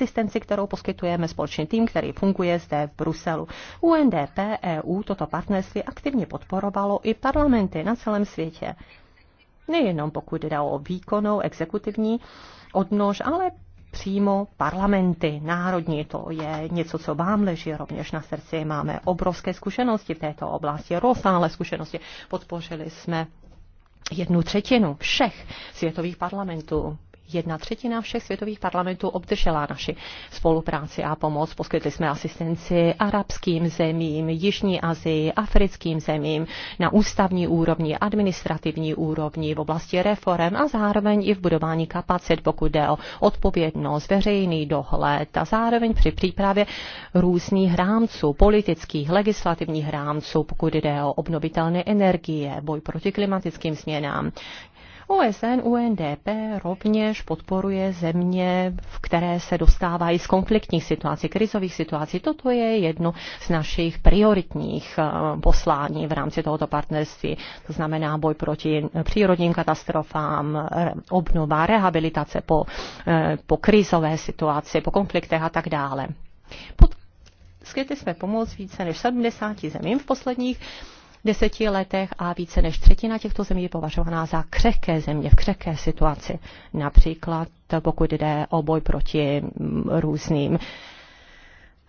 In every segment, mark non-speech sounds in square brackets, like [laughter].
asistenci, kterou poskytujeme společný tým, který funguje zde v Bruselu. UNDP EU toto partnerství aktivně podporovalo i parlamenty na celém světě. Nejenom pokud jde o výkonnou exekutivní odnož, ale přímo parlamenty národní. To je něco, co vám leží rovněž na srdci. Máme obrovské zkušenosti v této oblasti, rozsáhlé zkušenosti. Podpořili jsme jednu třetinu všech světových parlamentů jedna třetina všech světových parlamentů obdržela naši spolupráci a pomoc. Poskytli jsme asistenci arabským zemím, Jižní Azii, africkým zemím na ústavní úrovni, administrativní úrovni v oblasti reform a zároveň i v budování kapacit, pokud jde o odpovědnost, veřejný dohled a zároveň při přípravě různých rámců, politických, legislativních rámců, pokud jde o obnovitelné energie, boj proti klimatickým změnám, OSN, UNDP rovněž podporuje země, v které se dostávají z konfliktních situací, krizových situací. Toto je jedno z našich prioritních eh, poslání v rámci tohoto partnerství. To znamená boj proti přírodním katastrofám, obnova, rehabilitace po, eh, po krizové situaci, po konfliktech a tak dále. Pod jsme pomoc více než 70 zemím v posledních deseti letech a více než třetina těchto zemí je považovaná za křehké země, v křehké situaci. Například pokud jde o boj proti mm, různým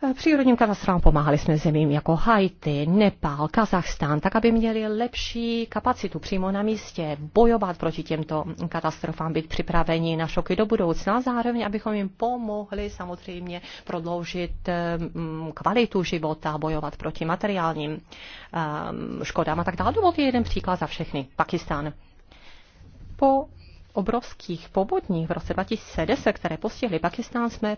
Eh, přírodním katastrofám pomáhali jsme zemím jako Haiti, Nepál, Kazachstán, tak aby měli lepší kapacitu přímo na místě bojovat proti těmto katastrofám, být připraveni na šoky do budoucna a zároveň, abychom jim pomohli samozřejmě prodloužit eh, mm, kvalitu života, bojovat proti materiálním eh, škodám a tak dále. Dovolte jeden příklad za všechny. Pakistán. Po obrovských povodních v roce 2010, které postihly Pakistán, jsme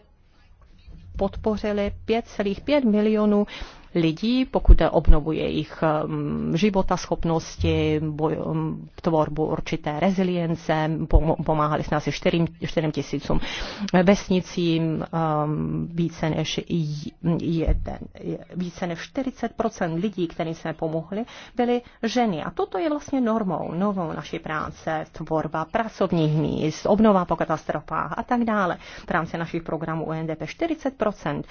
podpořili 5,5 milionů lidí, pokud jde obnovu jejich um, života, schopnosti, boj, um, tvorbu určité rezilience, pomáhali jsme asi 4, 4 tisícům vesnicím, um, více než, jeden, více než 40% lidí, kterým jsme pomohli, byly ženy. A toto je vlastně normou, novou naší práce, tvorba pracovních míst, obnova po katastrofách a tak dále. V rámci našich programů UNDP 40%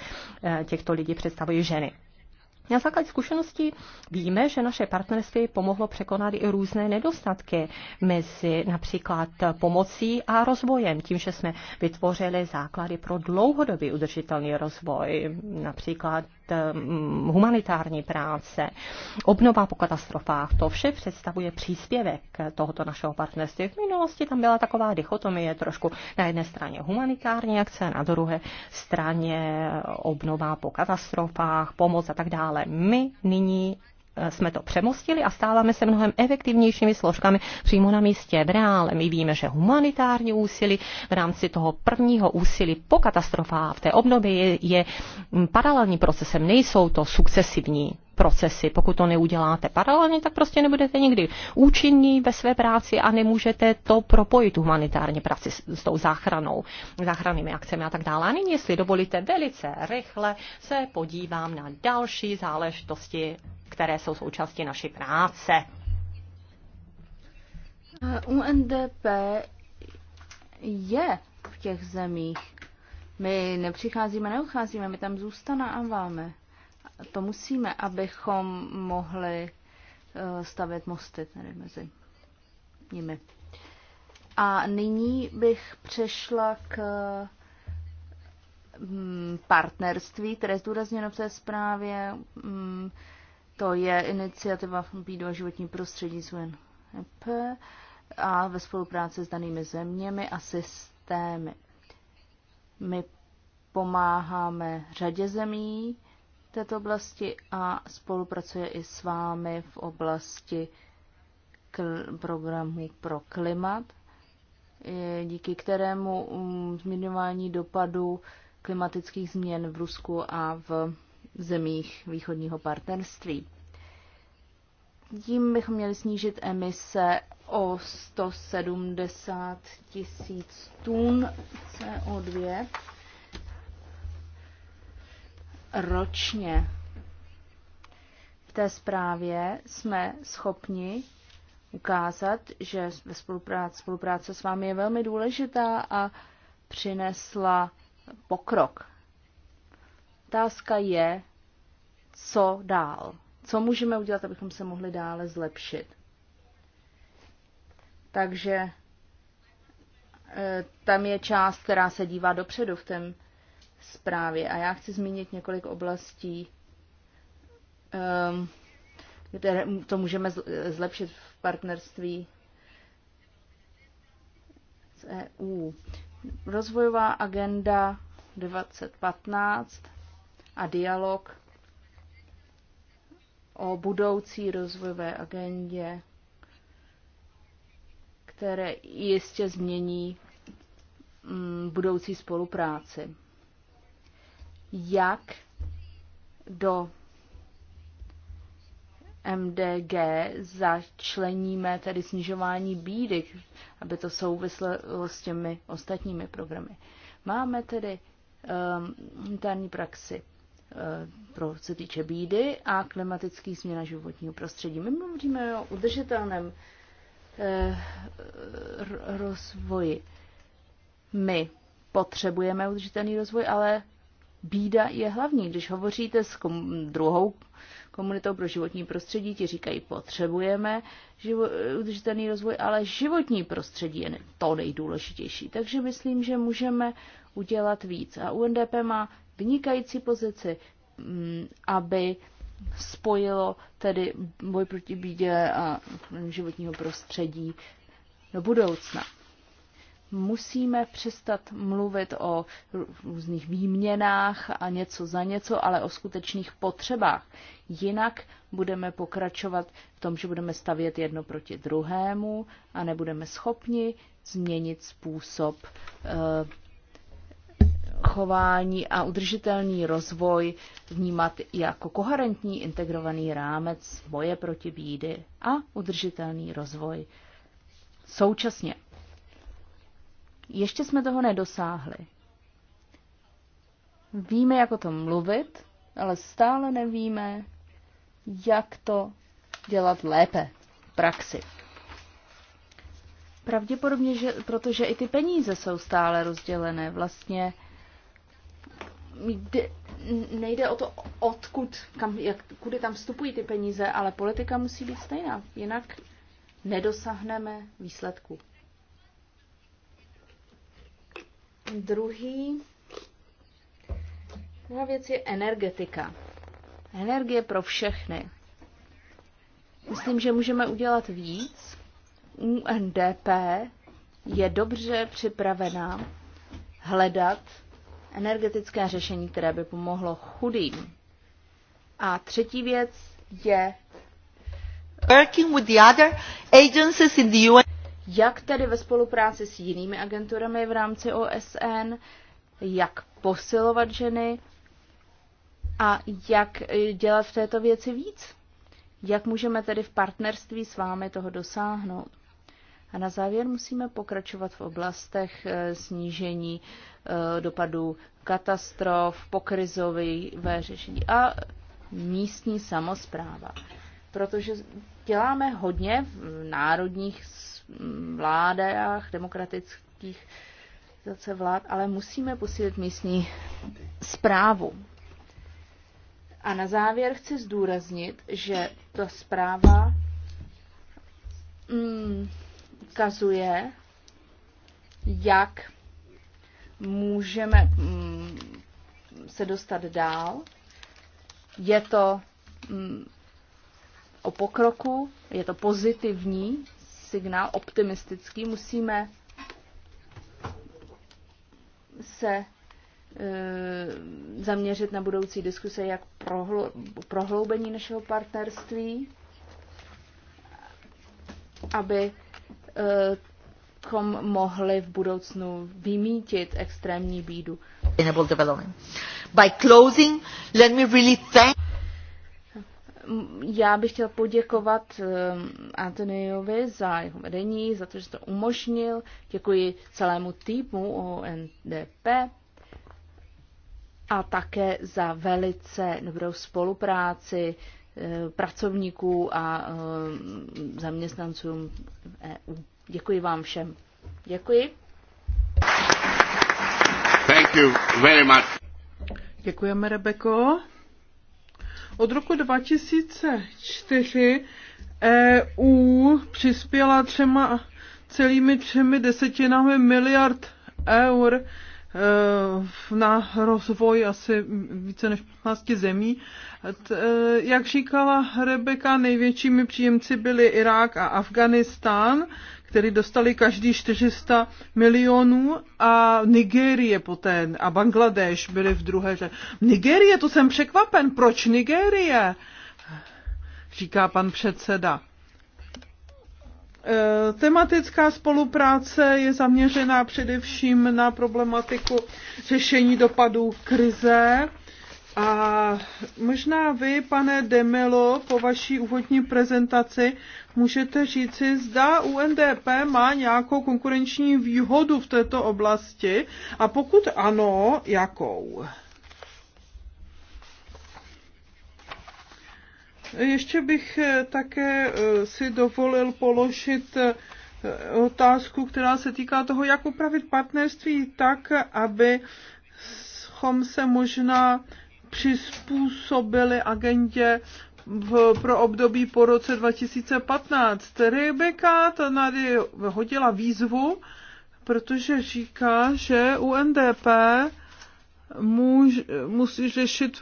eh, těchto lidí představují ženy. Na základě zkušeností víme, že naše partnerství pomohlo překonat i různé nedostatky mezi například pomocí a rozvojem, tím, že jsme vytvořili základy pro dlouhodobý udržitelný rozvoj, například Eh, mm, humanitární práce, obnova po katastrofách, to vše představuje příspěvek tohoto našeho partnerství. V minulosti tam byla taková dichotomie trošku na jedné straně humanitární akce, na druhé straně obnova po katastrofách, pomoc a tak dále. My nyní jsme to přemostili a stáváme se mnohem efektivnějšími složkami přímo na místě v reále. My víme, že humanitární úsilí v rámci toho prvního úsilí po katastrofách v té obnově je, je paralelní procesem, nejsou to sukcesivní procesy. Pokud to neuděláte paralelně, tak prostě nebudete nikdy účinní ve své práci a nemůžete to propojit humanitárně humanitární práci s, s tou záchranou, záchrannými akcemi a tak dále. A nyní, jestli dovolíte, velice rychle se podívám na další záležitosti, které jsou součástí naší práce. Eh, UNDP je v těch zemích. My nepřicházíme, neucházíme, my tam zůstáváme to musíme, abychom mohli eh, stavět mosty tady mezi nimi. A nyní bych přešla k mm, partnerství, které je zdůrazněno v té zprávě. Mm, to je iniciativa Bídu a životní prostředí z UNEP a ve spolupráci s danými zeměmi a systémy. My pomáháme řadě zemí, této oblasti a spolupracuje i s vámi v oblasti programu pro klimat, díky kterému mm, zmírňování dopadu klimatických změn v Rusku a v zemích východního partnerství. Tím bychom měli snížit emise o 170 tisíc tun CO2 ročně. V té zprávě jsme schopni ukázat, že spolupráce, spolupráce s vámi je velmi důležitá a přinesla pokrok. Otázka je, co dál. Co můžeme udělat, abychom se mohli dále zlepšit. Takže eh, tam je část, která se dívá dopředu v tom zprávě. A já chci zmínit několik oblastí, ehm, kde to můžeme zlepšit v partnerství s EU. Rozvojová agenda 2015 a dialog o budoucí rozvojové agendě, které jistě změní mm, budoucí spolupráci jak do MDG začleníme tedy snižování bídy, aby to souviselo s těmi ostatními programy. Máme tedy um, interní praxi eh, pro co týče bídy a klimatický změna životního prostředí. My mluvíme o udržitelném eh, rozvoji. My potřebujeme udržitelný rozvoj, ale bída je hlavní. Když hovoříte s kom- druhou komunitou pro životní prostředí, ti říkají, potřebujeme živo- udržitelný rozvoj, ale životní prostředí je to nejdůležitější. Takže myslím, že můžeme udělat víc. A UNDP má vynikající pozici, mm, aby spojilo tedy boj proti bídě a životního prostředí do budoucna musíme přestat mluvit o různých výměnách a něco za něco, ale o skutečných potřebách. Jinak budeme pokračovat v tom, že budeme stavět jedno proti druhému a nebudeme schopni změnit způsob eh, chování a udržitelný rozvoj vnímat jako koherentní integrovaný rámec boje proti bídy a udržitelný rozvoj současně. Ještě jsme toho nedosáhli. Víme, jak o tom mluvit, ale stále nevíme, jak to dělat lépe v praxi. Pravděpodobně, že, protože i ty peníze jsou stále rozdělené. Vlastně jde, nejde o to, odkud, kam, jak, kudy tam vstupují ty peníze, ale politika musí být stejná, jinak nedosáhneme výsledku. Druhý, druhá věc je energetika. Energie pro všechny. Myslím, že můžeme udělat víc. UNDP je dobře připravená hledat energetické řešení, které by pomohlo chudým. A třetí věc je working with the other agencies in the UN jak tedy ve spolupráci s jinými agenturami v rámci OSN, jak posilovat ženy a jak dělat v této věci víc. Jak můžeme tedy v partnerství s vámi toho dosáhnout? A na závěr musíme pokračovat v oblastech eh, snížení eh, dopadů katastrof, pokrizové řešení a místní samozpráva. Protože děláme hodně v národních vládách, demokratických zase vlád, ale musíme posílit místní zprávu. A na závěr chci zdůraznit, že ta zpráva mm, ukazuje, jak můžeme mm, se dostat dál. Je to mm, o pokroku, je to pozitivní, signál optimistický. Musíme se e, zaměřit na budoucí diskuse jak prohlou, prohloubení našeho partnerství, aby e, kom mohli v budoucnu vymítit extrémní bídu. By closing, let me really thank já bych chtěl poděkovat ehm, Antoniovi za jeho vedení, za to, že to umožnil. Děkuji celému týmu ONDP a také za velice dobrou spolupráci eh, pracovníků a ehm, zaměstnancům EU. Děkuji vám všem. Děkuji. Thank you very much. Děkujeme, Rebeko. Od roku 2004 EU přispěla třema celými třemi desetinami miliard eur e, na rozvoj asi více než 15 zemí. E, jak říkala Rebeka, největšími příjemci byly Irák a Afganistán, který dostali každý 400 milionů a Nigérie poté a Bangladeš byly v druhé řadě. Nigérie, to jsem překvapen, proč Nigérie? Říká pan předseda. E, tematická spolupráce je zaměřená především na problematiku řešení dopadů krize a možná vy, pane Demelo, po vaší úvodní prezentaci můžete říci, zda UNDP má nějakou konkurenční výhodu v této oblasti a pokud ano, jakou? Ještě bych eh, také eh, si dovolil položit eh, otázku, která se týká toho, jak upravit partnerství tak, aby se možná přizpůsobili agendě v, pro období po roce 2015. Rebecca tady hodila výzvu, protože říká, že UNDP může, musí řešit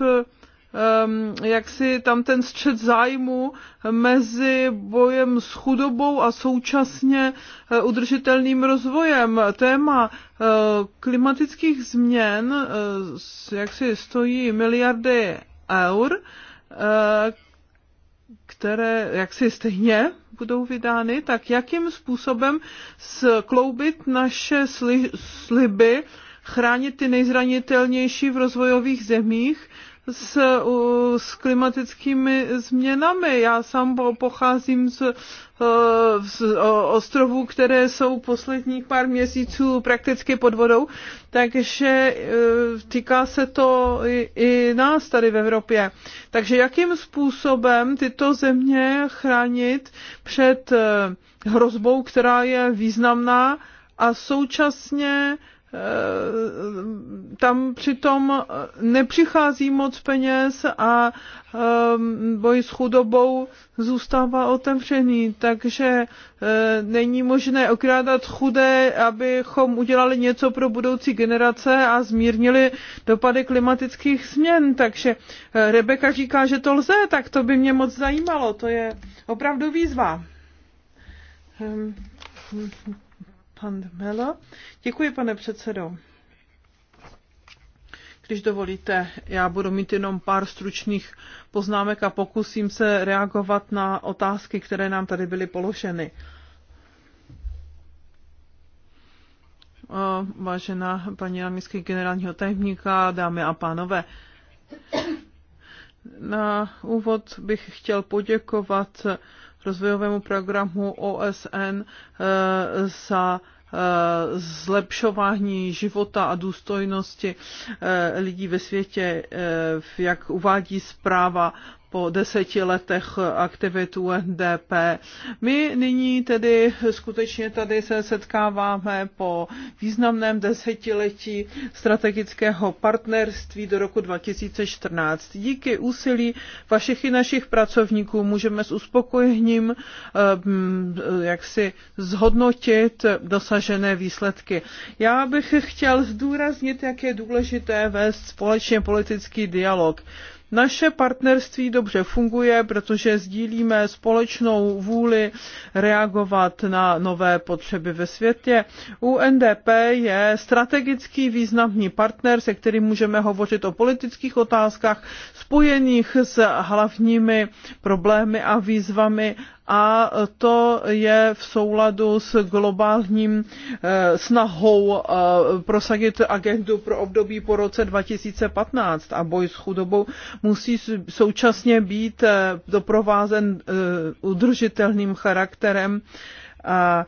Ehm, jak si tam ten střed zájmu mezi bojem s chudobou a současně eh, udržitelným rozvojem. Téma eh, klimatických změn eh, jak si stojí miliardy eur, které jaksi stejně budou vydány, tak jakým způsobem skloubit naše sliby, chránit ty nejzranitelnější v rozvojových zemích s, s klimatickými změnami. Já sám pocházím z, eh, z ostrovů, které jsou posledních pár měsíců prakticky pod vodou, takže eh, týká se to i, i nás tady v Evropě. Takže jakým způsobem tyto země chránit před eh, hrozbou, která je významná a současně Eh, tam přitom nepřichází moc peněz a eh, boj s chudobou zůstává otevřený, takže eh, není možné okrádat chudé, abychom udělali něco pro budoucí generace a zmírnili dopady klimatických změn. Takže Rebeka říká, že to lze, tak to by mě moc zajímalo, to je opravdu výzva. Ehm, hm, hm. Pan Děkuji, pane předsedo. Když dovolíte, já budu mít jenom pár stručných poznámek a pokusím se reagovat na otázky, které nám tady byly položeny. Vážená paní náměstky generálního tajemníka, dámy a pánové, na úvod bych chtěl poděkovat rozvojovému programu OSN eh, za eh, zlepšování života a důstojnosti eh, lidí ve světě, jak uvádí zpráva po deseti letech aktivitu DP. My nyní tedy skutečně tady se setkáváme po významném desetiletí strategického partnerství do roku 2014. Díky úsilí vašich i našich pracovníků můžeme s uspokojením eh, jak si zhodnotit dosažené výsledky. Já bych chtěl zdůraznit, jak je důležité vést společně politický dialog. Naše partnerství dobře funguje, protože sdílíme společnou vůli reagovat na nové potřeby ve světě. UNDP je strategický významný partner, se kterým můžeme hovořit o politických otázkách spojených s hlavními problémy a výzvami a to je v souladu s globálním eh, snahou eh, prosadit agendu pro období po roce 2015 a boj s chudobou musí současně být eh, doprovázen udržitelným charakterem a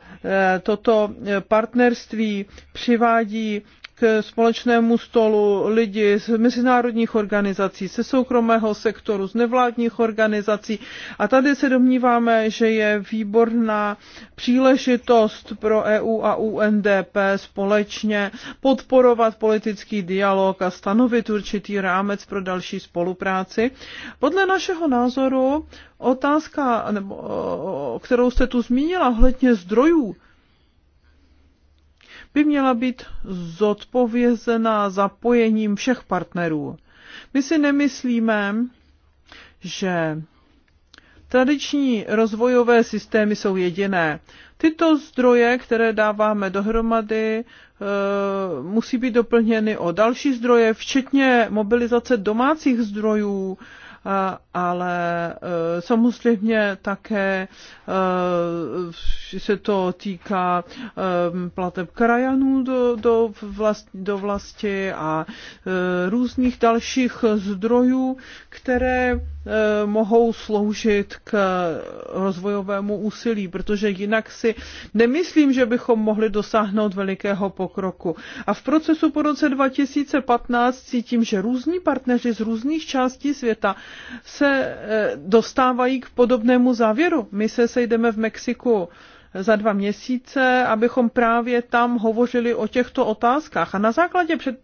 toto partnerství přivádí k společnému stolu lidi z mezinárodních organizací, se soukromého sektoru, z nevládních organizací. A tady se domníváme, že je výborná příležitost pro EU a UNDP společně podporovat politický dialog a stanovit určitý rámec pro další spolupráci. Podle našeho názoru otázka, nebo, kterou jste tu zmínila, hledně zdrojů, by měla být zodpovězená zapojením všech partnerů. My si nemyslíme, že tradiční rozvojové systémy jsou jediné. Tyto zdroje, které dáváme dohromady, eh, musí být doplněny o další zdroje, včetně mobilizace domácích zdrojů, ale e, samozřejmě také e, se to týká e, plateb krajanů do, do, vlast, do vlasti a různých dalších zdrojů, které mohou sloužit k rozvojovému úsilí, protože jinak si nemyslím, že bychom mohli dosáhnout velikého pokroku. A v procesu po roce 2015 cítím, že různí partneři z různých částí světa se eh, dostávají k podobnému závěru. My se sejdeme v Mexiku za dva měsíce, abychom právě tam hovořili o těchto otázkách. A na základě před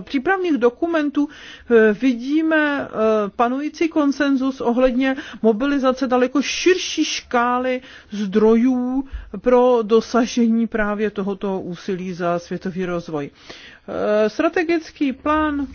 přípravných dokumentů eh, vidíme eh, panující konsenzus ohledně mobilizace daleko širší škály zdrojů pro dosažení právě tohoto úsilí za světový rozvoj. Strategický plán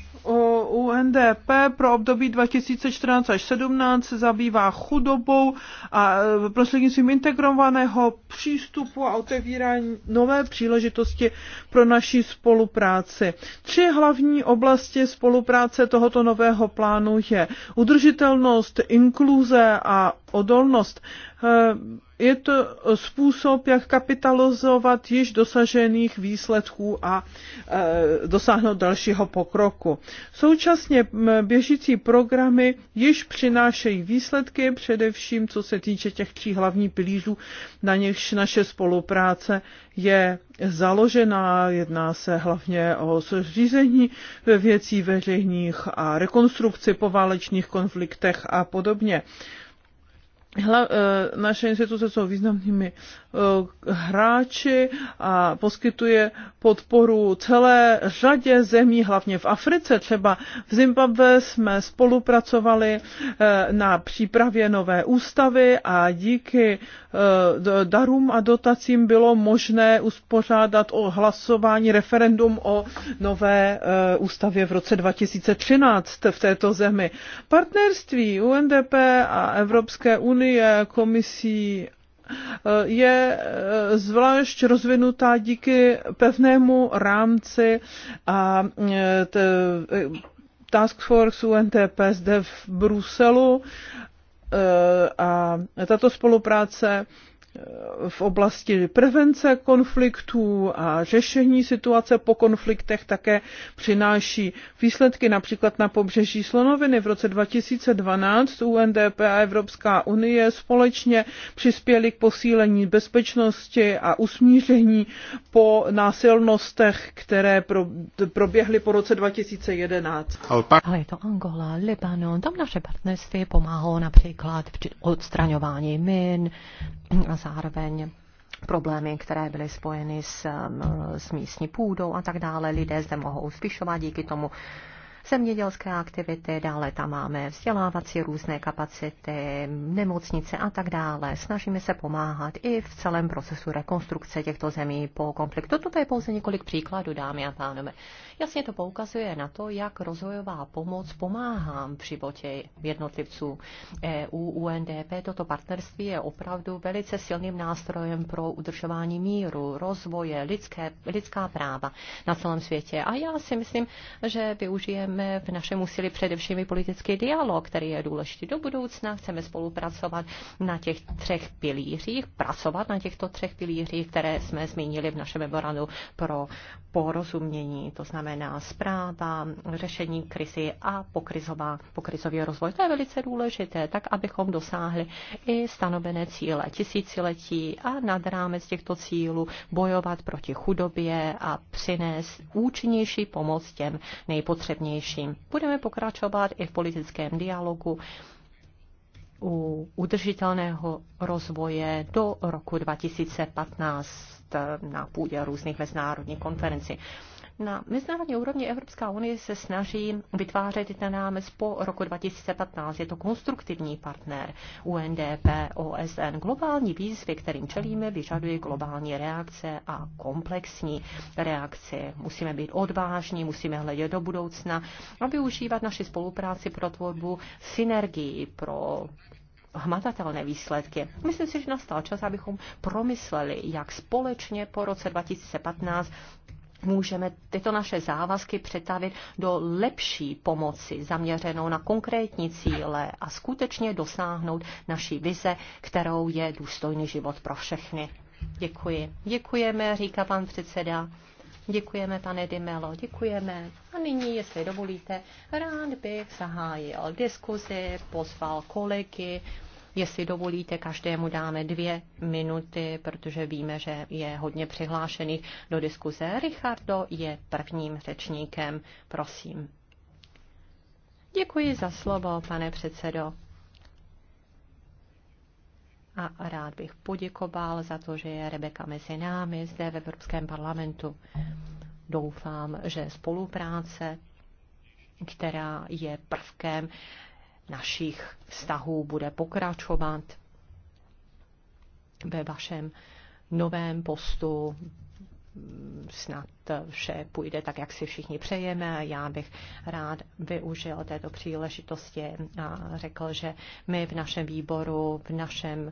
UNDP pro období 2014 až 2017 se zabývá chudobou a e, prostřednictvím integrovaného přístupu a otevírání nové příležitosti pro naši spolupráci. Tři hlavní oblasti spolupráce tohoto nového plánu je udržitelnost, inkluze a odolnost. E, je to způsob, jak kapitalizovat již dosažených výsledků a e, dosáhnout dalšího pokroku. Současně běžící programy již přinášejí výsledky, především co se týče těch tří hlavních pilířů, na něž naše spolupráce je založená. Jedná se hlavně o řízení věcí veřejných a rekonstrukci po válečných konfliktech a podobně. Hla, eh, naše instituce jsou významnými Eh, hráči a poskytuje podporu celé řadě zemí, hlavně v Africe. Třeba v Zimbabwe jsme spolupracovali eh, na přípravě nové ústavy a díky eh, darům a dotacím bylo možné uspořádat o hlasování referendum o nové ústavě v roce 2013 v této zemi. Partnerství UNDP a Evropské unie, komisí je eh, zvlášť rozvinutá díky pevnému rámci a eh, eh, Task Force UNTP zde v Bruselu a tato spolupráce v oblasti prevence konfliktů a řešení situace po konfliktech také přináší výsledky například na pobřeží Slonoviny. V roce 2012 UNDP a Evropská unie společně přispěli k posílení bezpečnosti a usmíření po násilnostech, které proběhly po roce 2011. Ale je to Angola, Libanon, tam naše partnerství pomáhalo například při odstraňování min, zároveň problémy, které byly spojeny s, s místní půdou a tak dále. Lidé zde mohou zvyšovat díky tomu zemědělské aktivity, dále tam máme vzdělávací různé kapacity, nemocnice a tak dále. Snažíme se pomáhat i v celém procesu rekonstrukce těchto zemí po konfliktu. Toto je pouze několik příkladů, dámy a pánové. Jasně to poukazuje na to, jak rozvojová pomoc pomáhá v životě jednotlivců EU, UNDP. Toto partnerství je opravdu velice silným nástrojem pro udržování míru, rozvoje, lidské, lidská práva na celém světě. A já si myslím, že využijeme budujeme v našem úsilí především i politický dialog, který je důležitý do budoucna. Chceme spolupracovat na těch třech pilířích, pracovat na těchto třech pilířích, které jsme zmínili v našem memorandu pro porozumění, to znamená zpráva, řešení krizi a pokrizová, pokrizový rozvoj. To je velice důležité, tak abychom dosáhli i stanovené cíle tisíciletí a nad rámec těchto cílů bojovat proti chudobě a přinést účinnější pomoc těm nejpotřebnějším především. Budeme pokračovat i v politickém dialogu u udržitelného rozvoje do roku 2015 na půdě různých mezinárodních konferencí. Na mezinárodní úrovni Evropská unie se snaží vytvářet ten rámec po roku 2015. Je to konstruktivní partner UNDP, OSN. Globální výzvy, kterým čelíme, vyžaduje globální reakce a komplexní reakce. Musíme být odvážní, musíme hledět do budoucna a využívat naši spolupráci pro tvorbu synergii pro hmatatelné výsledky. Myslím si, že nastal čas, abychom promysleli, jak společně po roce 2015 můžeme tyto naše závazky přetavit do lepší pomoci zaměřenou na konkrétní cíle a skutečně dosáhnout naší vize, kterou je důstojný život pro všechny. Děkuji. Děkujeme, říká pan předseda. Děkujeme, pane Dimelo, děkujeme. A nyní, jestli dovolíte, rád bych zahájil diskuzi, pozval kolegy, Jestli dovolíte, každému dáme dvě minuty, protože víme, že je hodně přihlášených do diskuze. Richardo je prvním řečníkem. Prosím. Děkuji za slovo, pane předsedo. A rád bych poděkoval za to, že je Rebeka mezi námi zde v Evropském parlamentu. Doufám, že spolupráce, která je prvkem našich vztahů bude pokračovat ve vašem novém postu. Snad vše půjde tak, jak si všichni přejeme. Já bych rád využil této příležitosti a řekl, že my v našem výboru, v našem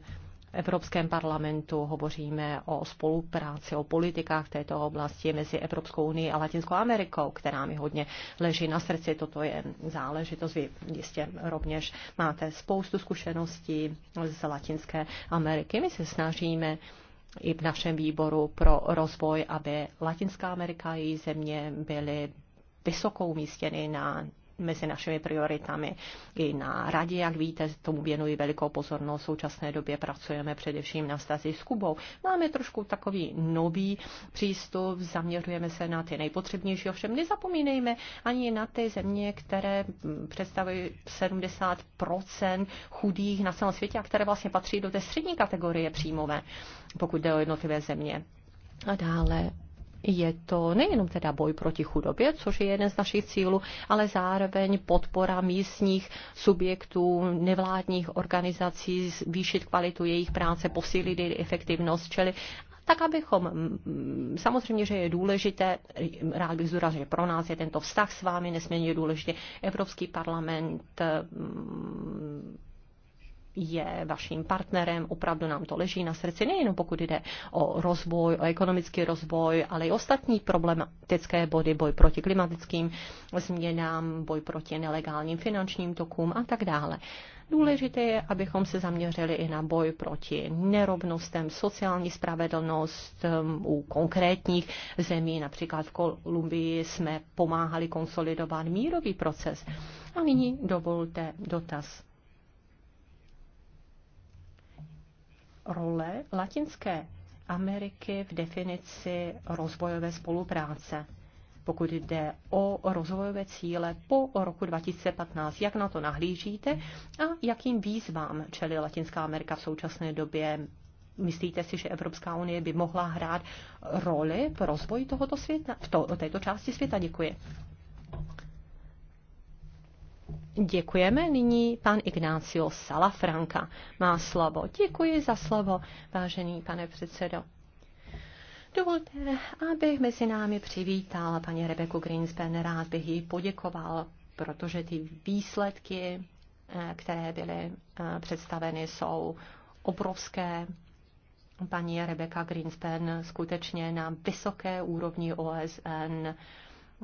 Evropském parlamentu hovoříme o spolupráci, o politikách této oblasti mezi Evropskou unii a Latinskou Amerikou, která mi hodně leží na srdci. Toto je záležitost. Vy jistě rovněž máte spoustu zkušeností z Latinské Ameriky. My se snažíme i v našem výboru pro rozvoj, aby Latinská Amerika a její země byly vysoko umístěny na mezi našimi prioritami. I na radě, jak víte, tomu věnuji velikou pozornost. V současné době pracujeme především na stazi s Kubou. Máme trošku takový nový přístup, zaměřujeme se na ty nejpotřebnější, ovšem nezapomínejme ani na ty země, které představují 70 chudých na celém světě a které vlastně patří do té střední kategorie příjmové, pokud jde o jednotlivé země. A dále je to nejenom teda boj proti chudobě, což je jeden z našich cílů, ale zároveň podpora místních subjektů, nevládních organizací, zvýšit kvalitu jejich práce, posílit jejich efektivnost, čili tak abychom, samozřejmě, že je důležité, rád bych zdůraznil, že pro nás je tento vztah s vámi nesmírně důležitý. Evropský parlament je vaším partnerem, opravdu nám to leží na srdci, nejenom pokud jde o rozvoj, o ekonomický rozvoj, ale i ostatní problematické body, boj proti klimatickým změnám, boj proti nelegálním finančním tokům a tak dále. Důležité je, abychom se zaměřili i na boj proti nerovnostem, sociální spravedlnost um, u konkrétních zemí. Například v Kolumbii jsme pomáhali konsolidovat mírový proces. A nyní dovolte dotaz role Latinské Ameriky v definici rozvojové spolupráce, pokud jde o rozvojové cíle po roku 2015. Jak na to nahlížíte a jakým výzvám čelí Latinská Amerika v současné době? Myslíte si, že Evropská unie by mohla hrát roli v rozvoji tohoto světa, v to, této části světa? Děkuji. Děkujeme nyní pan Ignácio Salafranka. Má slovo. Děkuji za slovo, vážený pane předsedo. Dovolte, abych mezi námi přivítal paní Rebeku Greenspan. Rád bych jí poděkoval, protože ty výsledky, eh, které byly eh, představeny, jsou obrovské. Paní Rebeka Greenspan skutečně na vysoké úrovni OSN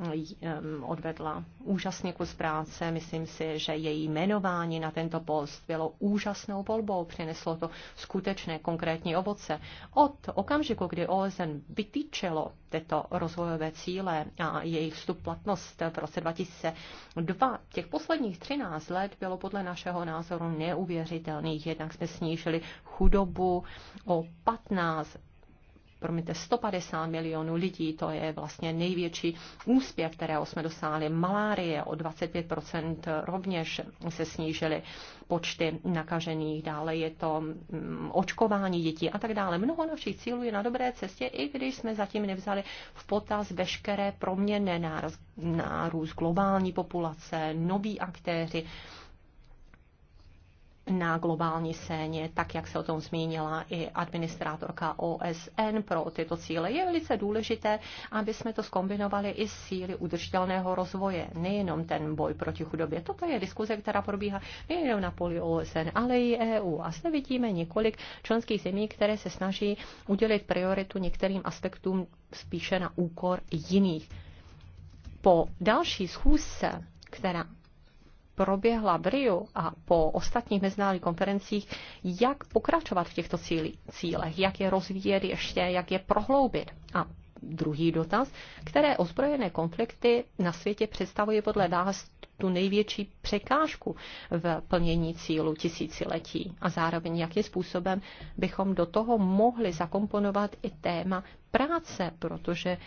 Eh, odvedla úžasný kus práce. Myslím si, že její jmenování na tento post bylo úžasnou volbou. Přineslo to skutečné konkrétní ovoce. Od okamžiku, kdy OSN vytýčelo tyto rozvojové cíle a jejich vstup platnost v roce 2002, těch posledních 13 let bylo podle našeho názoru neuvěřitelných. Jednak jsme snížili chudobu o 15 promiňte, 150 milionů lidí, to je vlastně největší úspěch, kterého jsme dosáhli. Malárie o 25% rovněž se snížily počty nakažených, dále je to mm, očkování dětí a tak dále. Mnoho našich cílů je na dobré cestě, i když jsme zatím nevzali v potaz veškeré proměny nárůst globální populace, noví aktéři, na globální scéně, tak jak se o tom zmínila i administrátorka OSN pro tyto cíle. Je velice důležité, aby jsme to skombinovali i s cíly udržitelného rozvoje, nejenom ten boj proti chudobě. Toto je diskuze, která probíhá nejenom na poli OSN, ale i EU. A zde vidíme několik členských zemí, které se snaží udělit prioritu některým aspektům spíše na úkor jiných. Po další schůzce, která proběhla v Riu a po ostatních mezinárodních konferencích, jak pokračovat v těchto cílech, jak je rozvíjet ještě, jak je prohloubit. A druhý dotaz, které ozbrojené konflikty na světě představují podle nás tu největší překážku v plnění cílu tisíciletí a zároveň jakým způsobem bychom do toho mohli zakomponovat i téma práce, protože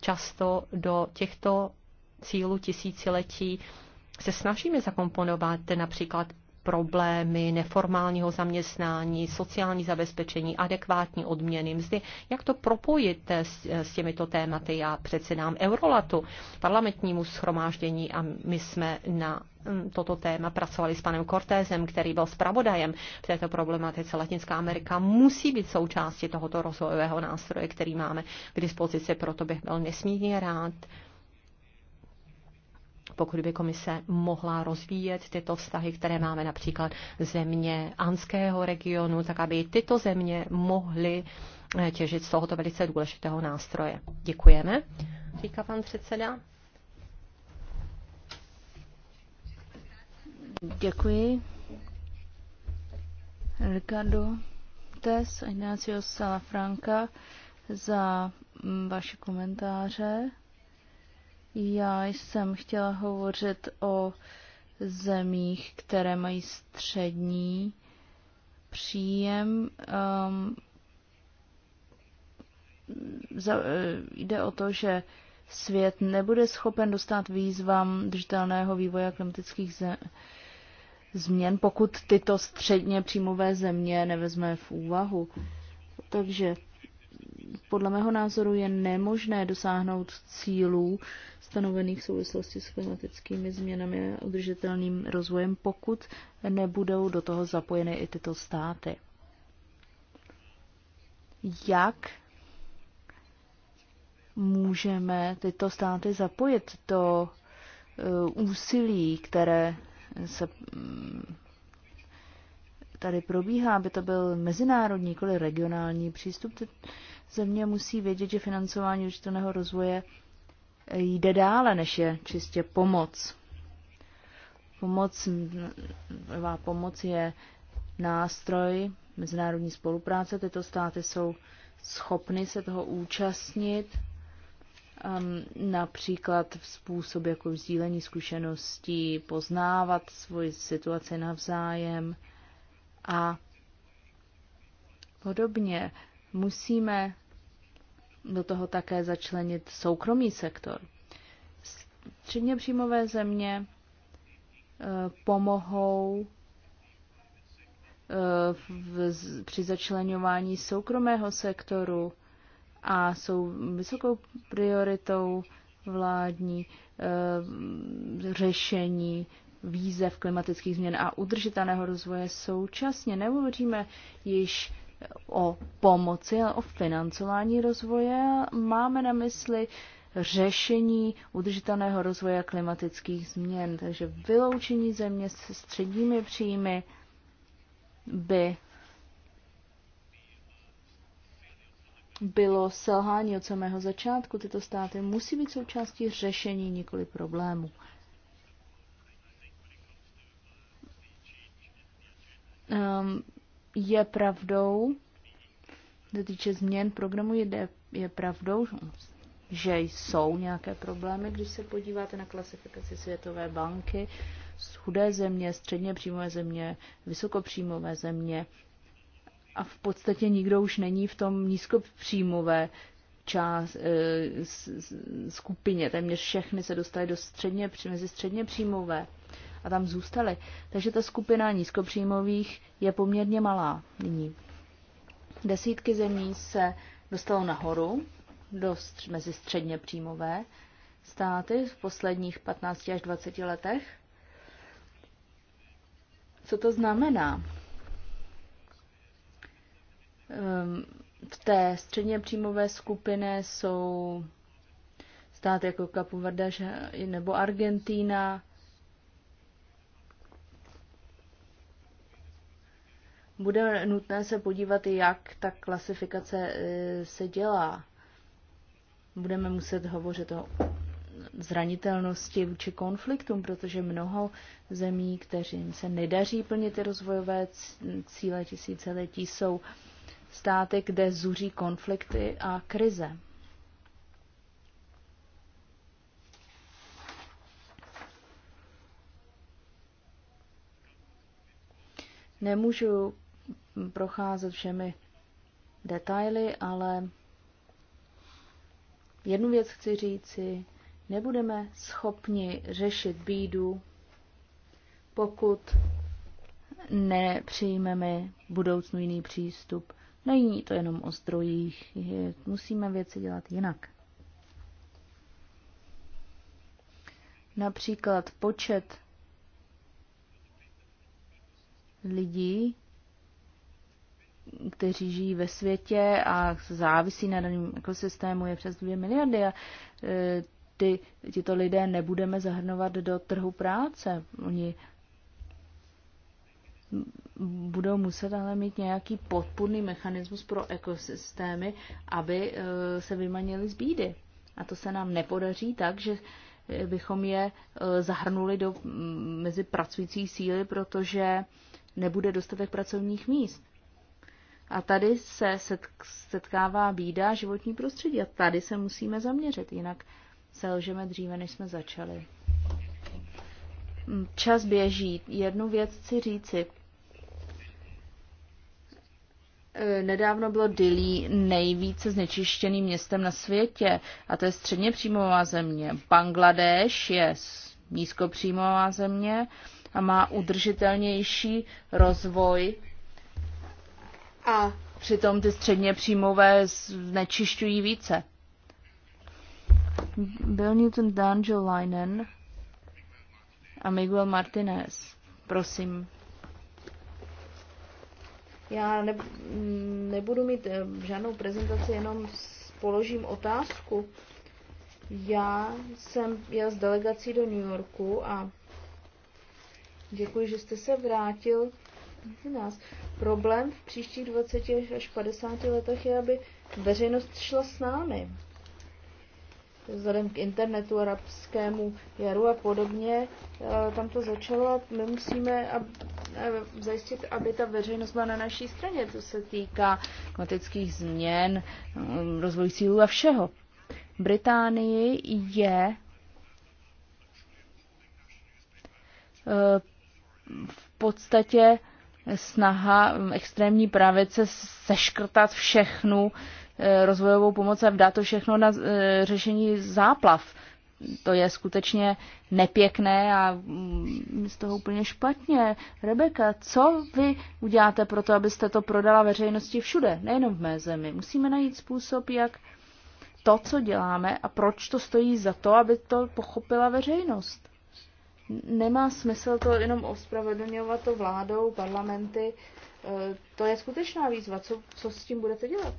často do těchto cílu tisíciletí se snažíme zakomponovat například problémy neformálního zaměstnání, sociální zabezpečení, adekvátní odměny, mzdy, jak to propojit eh, s, eh, s těmito tématy. Já předsedám Eurolatu, parlamentnímu schromáždění a my jsme na hm, toto téma pracovali s panem Cortézem, který byl zpravodajem v této problematice. Latinská Amerika musí být součástí tohoto rozvojového nástroje, který máme k dispozici, proto bych byl nesmírně rád, pokud by komise mohla rozvíjet tyto vztahy, které máme například země Anského regionu, tak aby tyto země mohly eh, těžit z tohoto velice důležitého nástroje. Děkujeme, říká pan předseda. Děkuji. Ricardo Tes, Ignacio Salafranca za mm, vaše komentáře. Já jsem chtěla hovořit o zemích, které mají střední příjem. Um, za, eh, jde o to, že svět nebude schopen dostat výzvám držitelného vývoje klimatických ze, změn, pokud tyto středně příjmové země nevezme v úvahu. Takže podle mého názoru je nemožné dosáhnout cílů stanovených v souvislosti s klimatickými změnami a udržitelným rozvojem, pokud nebudou do toho zapojeny i tyto státy. Jak můžeme tyto státy zapojit do uh, úsilí, které se mm, tady probíhá, aby to byl mezinárodní, nikoli regionální přístup země musí vědět, že financování určitého rozvoje eh, jde dále, než je čistě pomoc. Pomoc, pomoc je nástroj mezinárodní spolupráce. Tyto státy jsou schopny se toho účastnit, um, například v způsob jako sdílení zkušeností, poznávat svoji situaci navzájem a podobně. Musíme do toho také začlenit soukromý sektor. Středně příjmové země eh, pomohou eh, v, při začlenování soukromého sektoru a jsou vysokou prioritou vládní e, řešení výzev klimatických změn a udržitelného rozvoje současně. Nehovoříme již o pomoci a o financování rozvoje. Máme na mysli řešení udržitelného rozvoje klimatických změn. Takže vyloučení země se středními příjmy by bylo selhání od samého začátku. Tyto státy musí být součástí řešení nikoli problémů. Um, je pravdou, co týče změn programu, je, je pravdou, že jsou nějaké problémy, když se podíváte na klasifikaci Světové banky, chudé země, středně příjmové země, vysokopříjmové země a v podstatě nikdo už není v tom nízkopříjmové část, e, skupině. Téměř všechny se dostaly do středně, mezi středně příjmové a tam zůstali. Takže ta skupina nízkopříjmových je poměrně malá nyní. Desítky zemí se dostalo nahoru do stř- mezi středně příjmové státy v posledních 15 až 20 letech. Co to znamená? Ehm, v té středně příjmové skupině jsou státy jako Kapuvardeš nebo Argentína, bude nutné se podívat, jak ta klasifikace e, se dělá. Budeme muset hovořit o zranitelnosti vůči konfliktům, protože mnoho zemí, kterým se nedaří plnit ty rozvojové cíle tisíciletí, jsou státy, kde zuří konflikty a krize. Nemůžu procházet všemi detaily, ale jednu věc chci říci, nebudeme schopni řešit bídu, pokud nepřijmeme budoucnu jiný přístup. Není to jenom o zdrojích, musíme věci dělat jinak. Například počet lidí, kteří žijí ve světě a závisí na daném ekosystému, je přes 2 miliardy a e, ty, tyto lidé nebudeme zahrnovat do trhu práce. Oni budou muset ale mít nějaký podpůrný mechanismus pro ekosystémy, aby e, se vymanili z bídy. A to se nám nepodaří tak, že e, bychom je zahrnuli do mezi pracující síly, protože nebude dostatek pracovních míst. A tady se setkává bída životní prostředí a tady se musíme zaměřit, jinak selžeme dříve, než jsme začali. Hm, čas běží. Jednu věc chci říci. E, nedávno bylo Dili nejvíce znečištěným městem na světě a to je středně příjmová země. Bangladeš je nízkopříjmová země a má udržitelnější rozvoj a přitom ty středně příjmové znečišťují více. Byl Newton, D'Angelo Leinen a Miguel Martinez. Prosím. Já ne, nebudu mít eh, žádnou prezentaci, jenom položím otázku. Já jsem já s delegací do New Yorku a děkuji, že jste se vrátil nás. Problém v příštích 20 až 50 letech je, aby veřejnost šla s námi. Vzhledem k internetu, arabskému jaru a podobně, eh, tam to začalo a my musíme ab, eh, zajistit, aby ta veřejnost byla na naší straně, co se týká klimatických změn, mm, rozvoj cílů a všeho. Británii je eh, v podstatě snaha mm, extrémní pravice seškrtat všechnu eh, rozvojovou pomoc a dát to všechno na eh, řešení záplav. To je skutečně nepěkné a mm, z toho úplně špatně. Rebeka, co vy uděláte pro to, abyste to prodala veřejnosti všude, nejenom v mé zemi? Musíme najít způsob, jak to, co děláme a proč to stojí za to, aby to pochopila veřejnost nemá smysl to jenom ospravedlňovat to vládou, parlamenty. E, to je skutečná výzva. Co, co s tím budete dělat?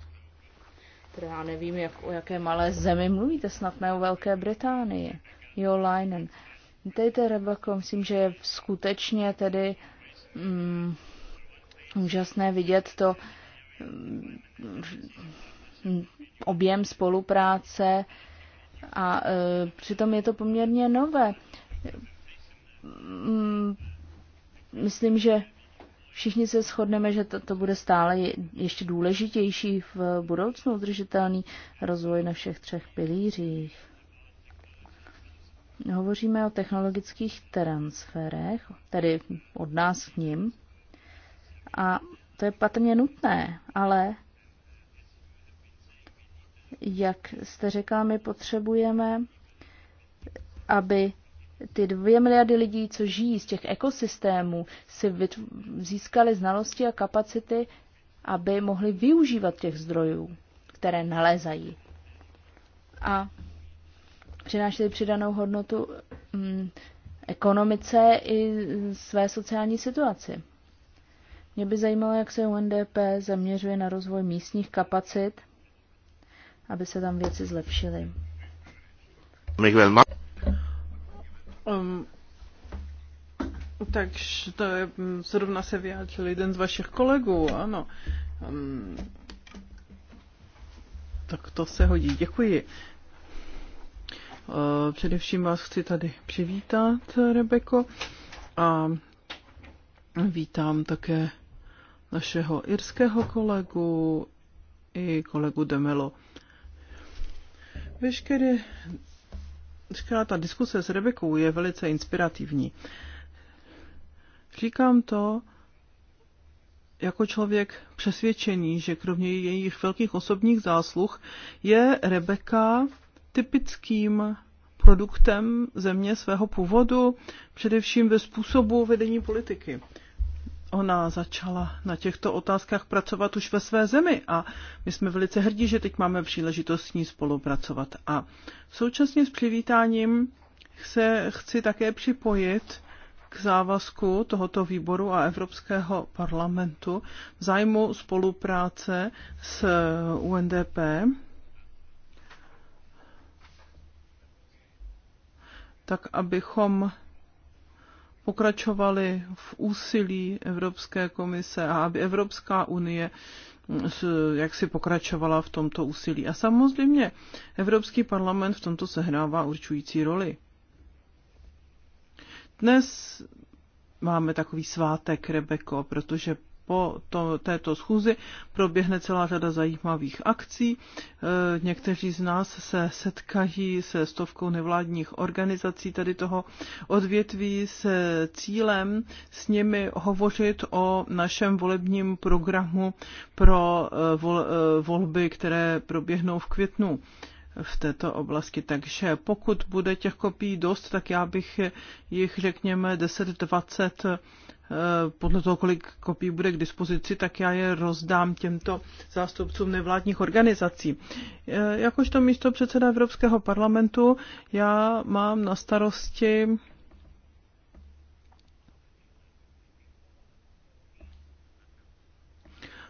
Teda já nevím, jak, o jaké malé zemi mluvíte, snad ne o Velké Británii. Jo, Leinen. Dejte, Rebeko, myslím, že je skutečně tedy mm, úžasné vidět to mm, objem spolupráce a e, přitom je to poměrně nové Mm, myslím, že všichni se shodneme, že to, to bude stále ještě důležitější v budoucnu udržitelný rozvoj na všech třech pilířích. Hovoříme o technologických transferech, tedy od nás k ním. A to je patrně nutné, ale jak jste řekla, my potřebujeme, aby ty dvě miliardy lidí, co žijí z těch ekosystémů, si získali znalosti a kapacity, aby mohli využívat těch zdrojů, které nalézají. A přinášeli přidanou hodnotu mm, ekonomice i své sociální situaci. Mě by zajímalo, jak se UNDP zaměřuje na rozvoj místních kapacit, aby se tam věci zlepšily. Miguel Um, takže to je, mm, zrovna se vyjádřil jeden z vašich kolegů, ano. Um, tak to se hodí, děkuji. Uh, především vás chci tady přivítat, Rebeko, a vítám také našeho irského kolegu i kolegu Demelo. Veškeré říkala, ta diskuse s Rebekou je velice inspirativní. Říkám to jako člověk přesvědčený, že kromě jejich velkých osobních zásluh je Rebeka typickým produktem země svého původu, především ve způsobu vedení politiky ona začala na těchto otázkách pracovat už ve své zemi a my jsme velice hrdí, že teď máme příležitost s ní spolupracovat. A současně s přivítáním se chci také připojit k závazku tohoto výboru a Evropského parlamentu v zájmu spolupráce s UNDP. tak abychom pokračovali v úsilí Evropské komise a aby Evropská unie mm, jak si pokračovala v tomto úsilí. A samozřejmě Evropský parlament v tomto sehrává určující roli. Dnes máme takový svátek, Rebeko, protože po to, této schůzi proběhne celá řada zajímavých akcí. E, někteří z nás se setkají se stovkou nevládních organizací tady toho odvětví s cílem s nimi hovořit o našem volebním programu pro e, e, volby, které proběhnou v květnu v této oblasti. Takže pokud bude těch kopií dost, tak já bych jich, řekněme, 10-20 Eh, podle toho, kolik kopií bude k dispozici, tak já je rozdám těmto zástupcům nevládních organizací. Eh, jakožto místo předseda Evropského parlamentu, já mám na starosti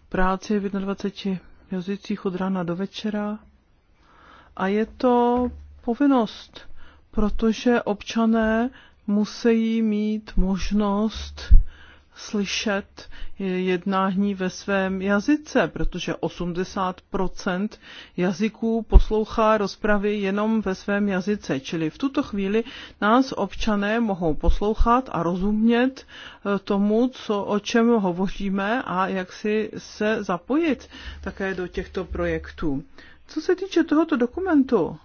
práci v 21 jazycích od rána do večera. A je to povinnost, protože občané musí mít možnost slyšet jednání ve svém jazyce, protože 80 jazyků poslouchá rozpravy jenom ve svém jazyce. Čili v tuto chvíli nás občané mohou poslouchat a rozumět eh, tomu, co, o čem hovoříme a jak si se zapojit také do těchto projektů. Co se týče tohoto dokumentu,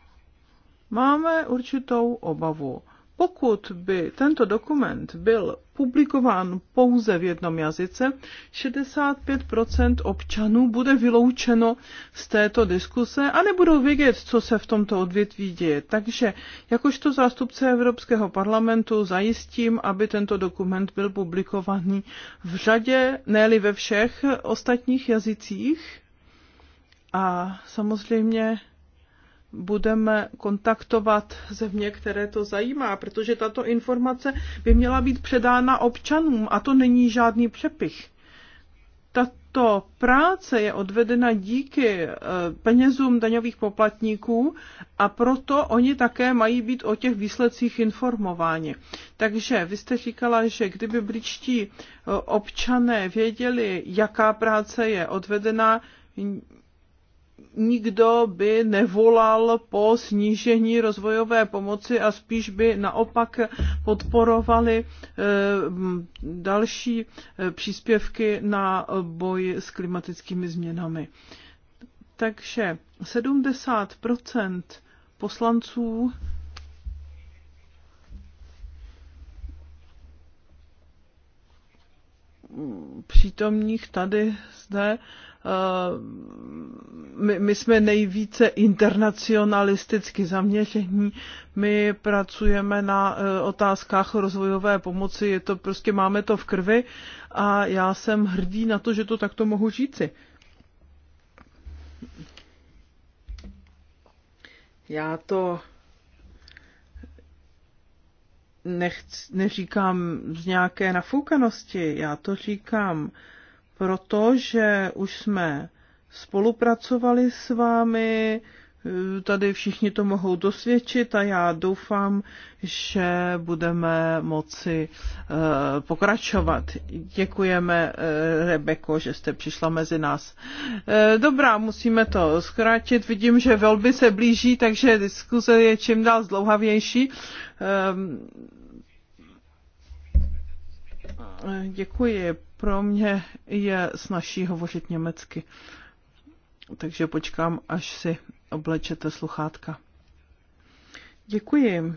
máme určitou obavu. Pokud by tento dokument byl publikován pouze v jednom jazyce, 65 občanů bude vyloučeno z této diskuse a nebudou vědět, co se v tomto odvětví děje. Takže jakožto zástupce Evropského parlamentu zajistím, aby tento dokument byl publikovaný v řadě, ne ve všech ostatních jazycích. A samozřejmě budeme kontaktovat země, které to zajímá, protože tato informace by měla být předána občanům a to není žádný přepich. Tato práce je odvedena díky eh, penězům daňových poplatníků a proto oni také mají být o těch výsledcích informováni. Takže vy jste říkala, že kdyby bričtí eh, občané věděli, jaká práce je odvedena, nikdo by nevolal po snížení rozvojové pomoci a spíš by naopak podporovali eh, další eh, příspěvky na boj s klimatickými změnami. Takže 70 poslanců přítomních tady zde Eh, my, my jsme nejvíce internacionalisticky zaměření, my pracujeme na eh, otázkách rozvojové pomoci, je to prostě máme to v krvi a já jsem hrdý na to, že to takto mohu říci. Já to nechci, neříkám z nějaké nafoukanosti, já to říkám uh, protože už jsme spolupracovali s vámi, tady všichni to mohou dosvědčit a já doufám, že budeme moci eh, pokračovat. Děkujeme, eh, Rebeko, že jste přišla mezi nás. Eh, dobrá, musíme to zkrátit. Vidím, že velby se blíží, takže diskuze je čím dál zdlouhavější. Ehm, děkuji pro mě je snažší hovořit německy. Takže počkám, až si oblečete sluchátka. Děkuji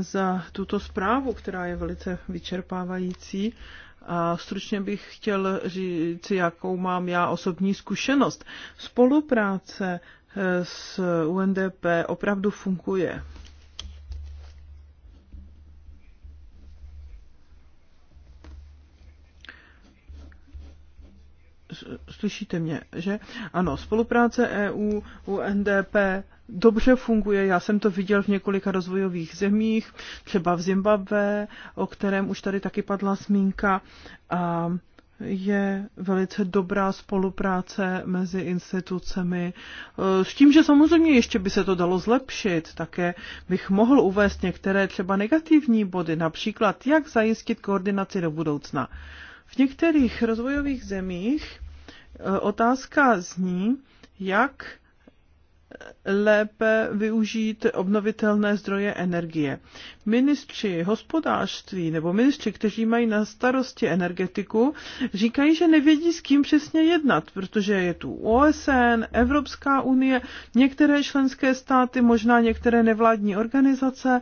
za tuto zprávu, která je velice vyčerpávající. A stručně bych chtěl říct, jakou mám já osobní zkušenost. Spolupráce s UNDP opravdu funguje. slyšíte mě, že? Ano, spolupráce EU, UNDP dobře funguje. Já jsem to viděl v několika rozvojových zemích, třeba v Zimbabwe, o kterém už tady taky padla zmínka. A je velice dobrá spolupráce mezi institucemi. S tím, že samozřejmě ještě by se to dalo zlepšit, také bych mohl uvést některé třeba negativní body, například jak zajistit koordinaci do budoucna. V některých rozvojových zemích E, otázka zní, jak lépe využít obnovitelné zdroje energie. Ministři hospodářství nebo ministři, kteří mají na starosti energetiku, říkají, že nevědí, s kým přesně jednat, protože je tu OSN, Evropská unie, některé členské státy, možná některé nevládní organizace,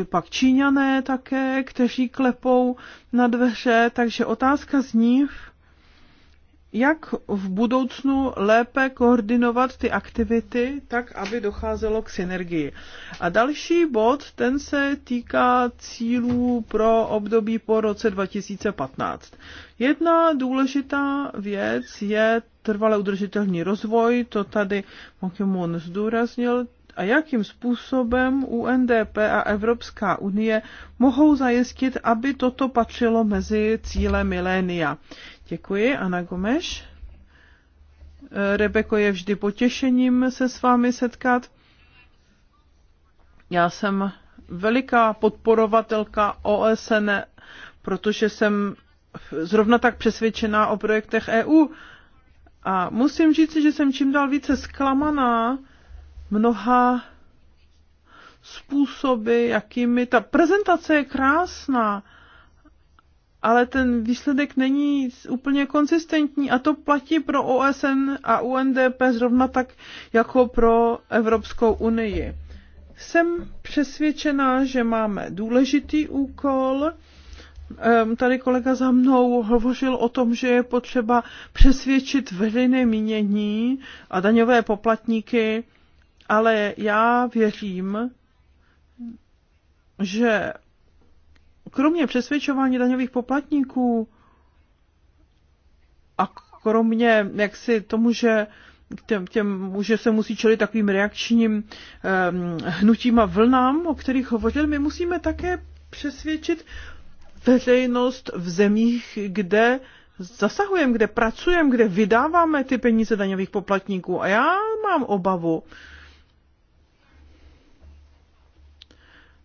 e, pak Číňané také, kteří klepou na dveře, takže otázka zní, jak v budoucnu lépe koordinovat ty aktivity tak, aby docházelo k synergii. A další bod, ten se týká cílů pro období po roce 2015. Jedna důležitá věc je trvale udržitelný rozvoj, to tady Mokimon zdůraznil, a jakým způsobem UNDP a Evropská unie mohou zajistit, aby toto patřilo mezi cíle milénia. Děkuji, Ana Gomeš. Eh, Rebeko, je vždy potěšením se s vámi setkat. Já jsem veliká podporovatelka OSN, protože jsem zrovna tak přesvědčená o projektech EU. A musím říct, že jsem čím dál více zklamaná mnoha způsoby, jakými ta prezentace je krásná, ale ten výsledek není úplně konsistentní a to platí pro OSN a UNDP zrovna tak jako pro Evropskou unii. Jsem přesvědčená, že máme důležitý úkol. Ehm, tady kolega za mnou hovořil o tom, že je potřeba přesvědčit veřejné mínění a daňové poplatníky, ale já věřím, že kromě přesvědčování daňových poplatníků a kromě, jak si tomu, že těm, těm, že se musí čelit takovým reakčním um, hnutím a vlnám, o kterých hovořil, my musíme také přesvědčit veřejnost v zemích, kde zasahujeme, kde pracujeme, kde vydáváme ty peníze daňových poplatníků. A já mám obavu,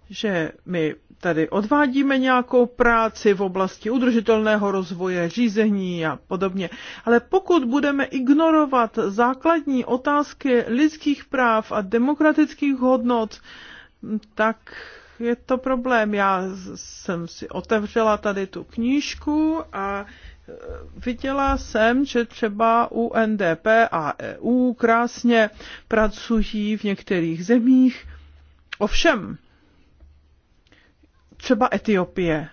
že my tady odvádíme nějakou práci v oblasti udržitelného rozvoje, řízení a podobně. Ale pokud budeme ignorovat základní otázky lidských práv a demokratických hodnot, tak je to problém. Já jsem si otevřela tady tu knížku a e, viděla jsem, že třeba UNDP a EU krásně pracují v některých zemích. Ovšem, třeba Etiopie.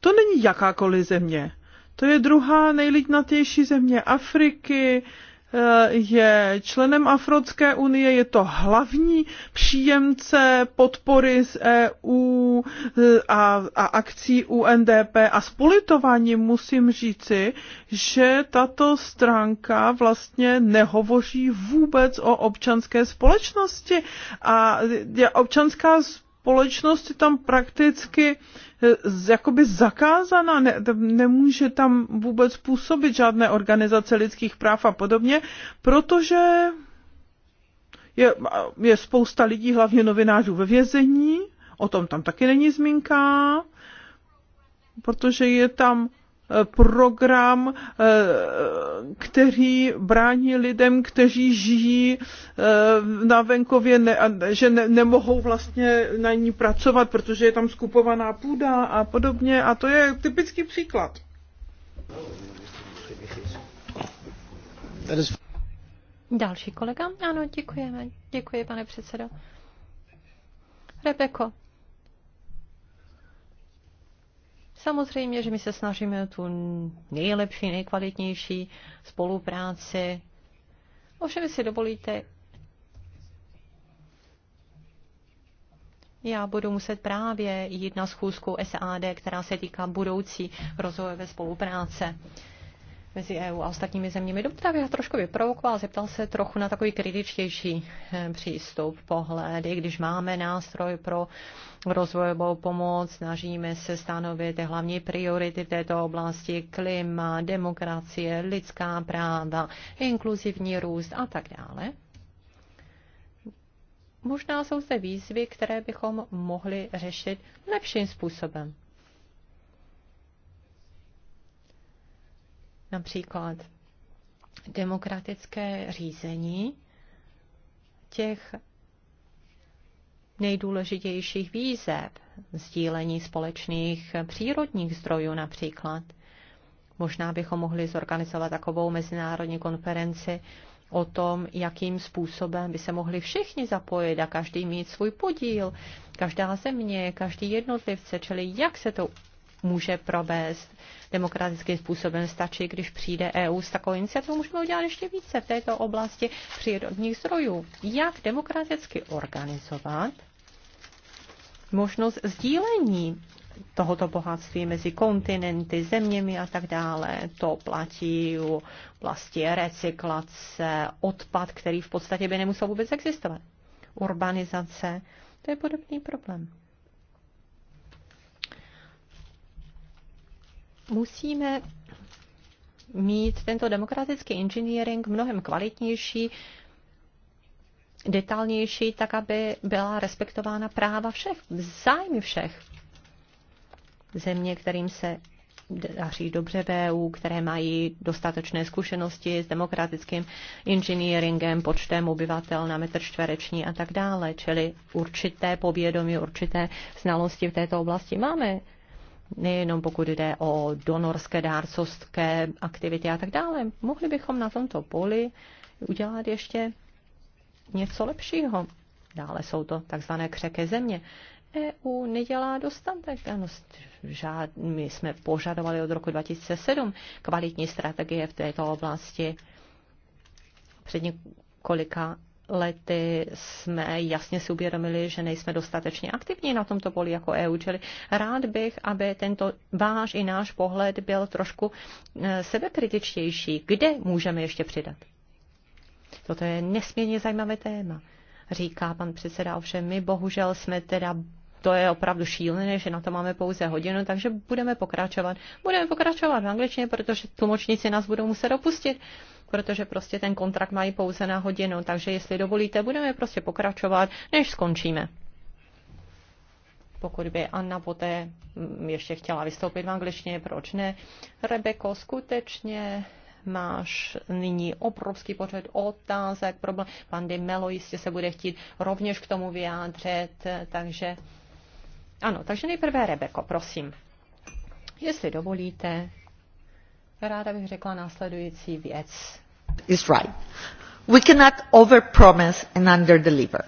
To není jakákoliv země. To je druhá nejlidnatější země Afriky, eh, je členem Afrodské unie, je to hlavní příjemce podpory z EU eh, a, a akcí UNDP a s politováním musím říci, že tato stránka vlastně nehovoří vůbec o občanské společnosti a občanská společnost společnost je tam prakticky eh, jakoby zakázaná, ne, nemůže tam vůbec působit žádné organizace lidských práv a podobně, protože je, je spousta lidí, hlavně novinářů ve vězení, o tom tam taky není zmínka, protože je tam program, eh, který brání lidem, kteří žijí eh, na venkově, ne, že ne, nemohou vlastně na ní pracovat, protože je tam skupovaná půda a podobně. A to je typický příklad. Další kolega? Ano, děkujeme. Děkuji, pane předsedo. Rebeko, Samozřejmě, že my se snažíme tu nejlepší, nejkvalitnější spolupráci. Ovšem, si dovolíte, já budu muset právě jít na schůzku SAD, která se týká budoucí rozvojové spolupráce mezi EU a ostatními zeměmi. Dobře, bych ho trošku vyprovokoval, zeptal se trochu na takový kritičtější eh, přístup, pohled, i když máme nástroj pro rozvojovou pomoc, snažíme se stanovit ty hlavní priority v této oblasti, klima, demokracie, lidská práva, inkluzivní růst a tak dále. Možná jsou zde výzvy, které bychom mohli řešit lepším způsobem. Například demokratické řízení těch nejdůležitějších výzev, sdílení společných přírodních zdrojů například. Možná bychom mohli zorganizovat takovou mezinárodní konferenci o tom, jakým způsobem by se mohli všichni zapojit a každý mít svůj podíl, každá země, každý jednotlivce, čili jak se to může provést demokratickým způsobem. Stačí, když přijde EU s takovou iniciativou, můžeme udělat ještě více v této oblasti přírodních zdrojů. Jak demokraticky organizovat možnost sdílení tohoto bohatství mezi kontinenty, zeměmi a tak dále. To platí u vlastně recyklace, odpad, který v podstatě by nemusel vůbec existovat. Urbanizace, to je podobný problém. musíme mít tento demokratický engineering mnohem kvalitnější, detailnější, tak aby byla respektována práva všech, zájmy všech. Země, kterým se daří dobře EU, které mají dostatečné zkušenosti s demokratickým inženýringem, počtem obyvatel na metr čtvereční a tak dále, čili určité povědomí, určité znalosti v této oblasti máme nejenom pokud jde o donorské, dárcovské aktivity a tak dále. Mohli bychom na tomto poli udělat ještě něco lepšího. Dále jsou to takzvané křeké země. EU nedělá dostatek. Ano, žád, my jsme požadovali od roku 2007 kvalitní strategie v této oblasti. Před několika lety jsme jasně si uvědomili, že nejsme dostatečně aktivní na tomto poli jako EU, čili rád bych, aby tento váš i náš pohled byl trošku e, sebekritičtější. Kde můžeme ještě přidat? Toto je nesmírně zajímavé téma, říká pan předseda. Ovšem my bohužel jsme teda to je opravdu šílené, že na to máme pouze hodinu, takže budeme pokračovat. Budeme pokračovat v angličtině, protože tlumočníci nás budou muset opustit protože prostě ten kontrakt mají pouze na hodinu. Takže jestli dovolíte, budeme prostě pokračovat, než skončíme. Pokud by Anna poté mm, ještě chtěla vystoupit v angličtině, proč ne? Rebeko, skutečně máš nyní obrovský počet otázek, problém. Pan Melo jistě se bude chtít rovněž k tomu vyjádřit, takže ano, takže nejprve Rebeko, prosím. Jestli dovolíte, Ráda bych řekla následující věc. Is right. We cannot overpromise and underdeliver.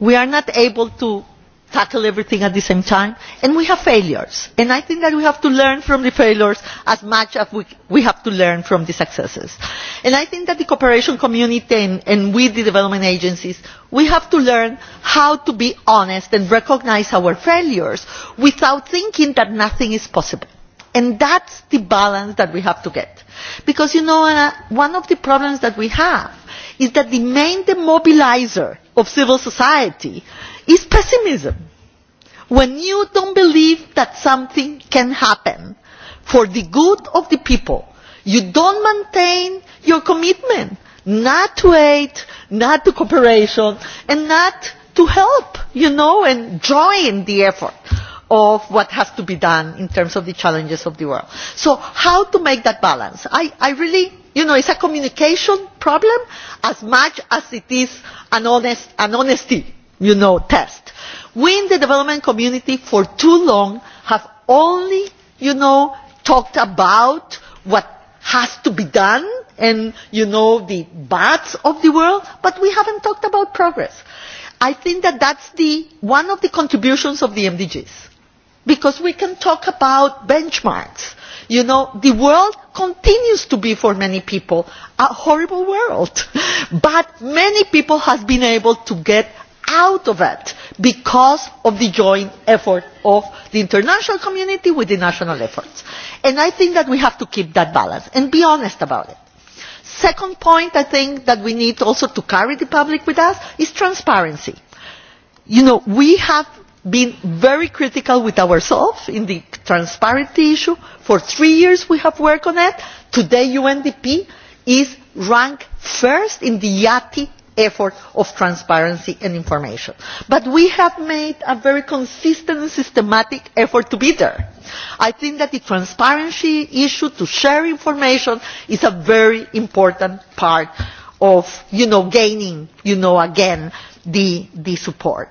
We are not able to tackle everything at the same time and we have failures and i think that we have to learn from the failures as much as we, we have to learn from the successes and i think that the cooperation community and, and with the development agencies we have to learn how to be honest and recognize our failures without thinking that nothing is possible And that's the balance that we have to get. Because, you know, Anna, one of the problems that we have is that the main demobilizer of civil society is pessimism. When you don't believe that something can happen for the good of the people, you don't maintain your commitment, not to aid, not to cooperation, and not to help, you know, and join the effort of what has to be done in terms of the challenges of the world. So how to make that balance? I, I really, you know, it's a communication problem as much as it is an, honest, an honesty, you know, test. We in the development community for too long have only, you know, talked about what has to be done and, you know, the bads of the world, but we haven't talked about progress. I think that that's the, one of the contributions of the MDGs because we can talk about benchmarks. You know, the world continues to be for many people a horrible world. [laughs] But many people have been able to get out of it because of the joint effort of the international community with the national efforts. And I think that we have to keep that balance and be honest about it. Second point I think that we need also to carry the public with us is transparency. You know, we have been very critical with ourselves in the transparency issue. For three years we have worked on it. Today UNDP is ranked first in the YATI effort of transparency and information. But we have made a very consistent and systematic effort to be there. I think that the transparency issue to share information is a very important part of, you know, gaining, you know, again, the, the support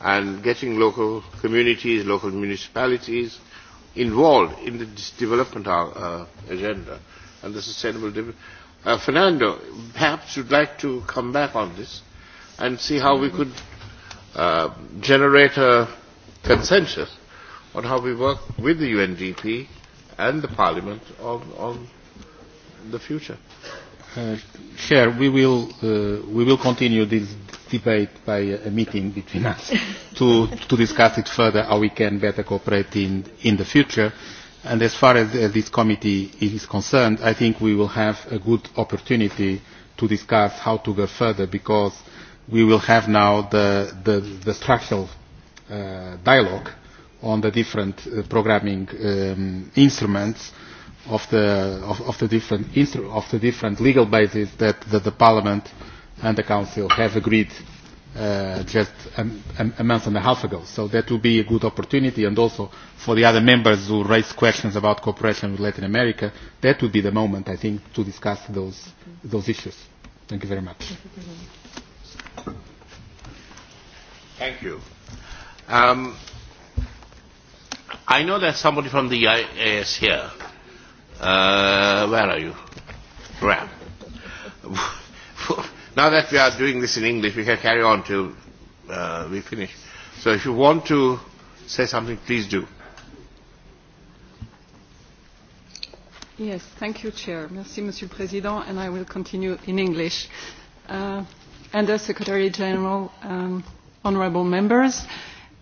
and getting local communities, local municipalities involved in the development uh, agenda and the sustainable development. Uh, Fernando, perhaps you'd like to come back on this and see how we could uh, generate a consensus on how we work with the UNDP and the Parliament on, on the future. Uh, Chair, we will, uh, we will continue this debate by a meeting between us to, to discuss it further how we can better cooperate in, in the future. And as far as, as uh, this committee is concerned, I think we will have a good opportunity to discuss how to go further because we will have now the, the, the structural uh, dialogue on the different uh, programming um, instruments of the, of, of, the different instru of the different legal bases that, that the Parliament uh, and the Council have agreed uh, just a, a, a month and a half ago. So that will be a good opportunity, and also for the other members who raise questions about cooperation with Latin America, that would be the moment, I think, to discuss those, those issues. Thank you very much. Thank you. Um, I know there's somebody from the IAS here. Uh, where are you? Where? [laughs] Now that we are doing this in English, we can carry on till uh, we finish. So if you want to say something, please do. Yes, thank you, Chair. Merci, Monsieur le Président, and I will continue in English. Uh, and the Secretary General, um, honorable members, uh,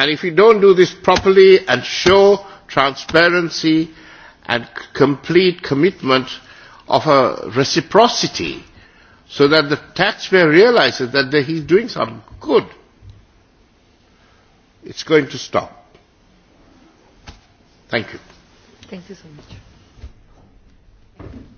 And if you don't do this properly and show transparency and complete commitment of a reciprocity so that the taxpayer realizes that he's doing some good, it's going to stop. Thank you. Thank you so much.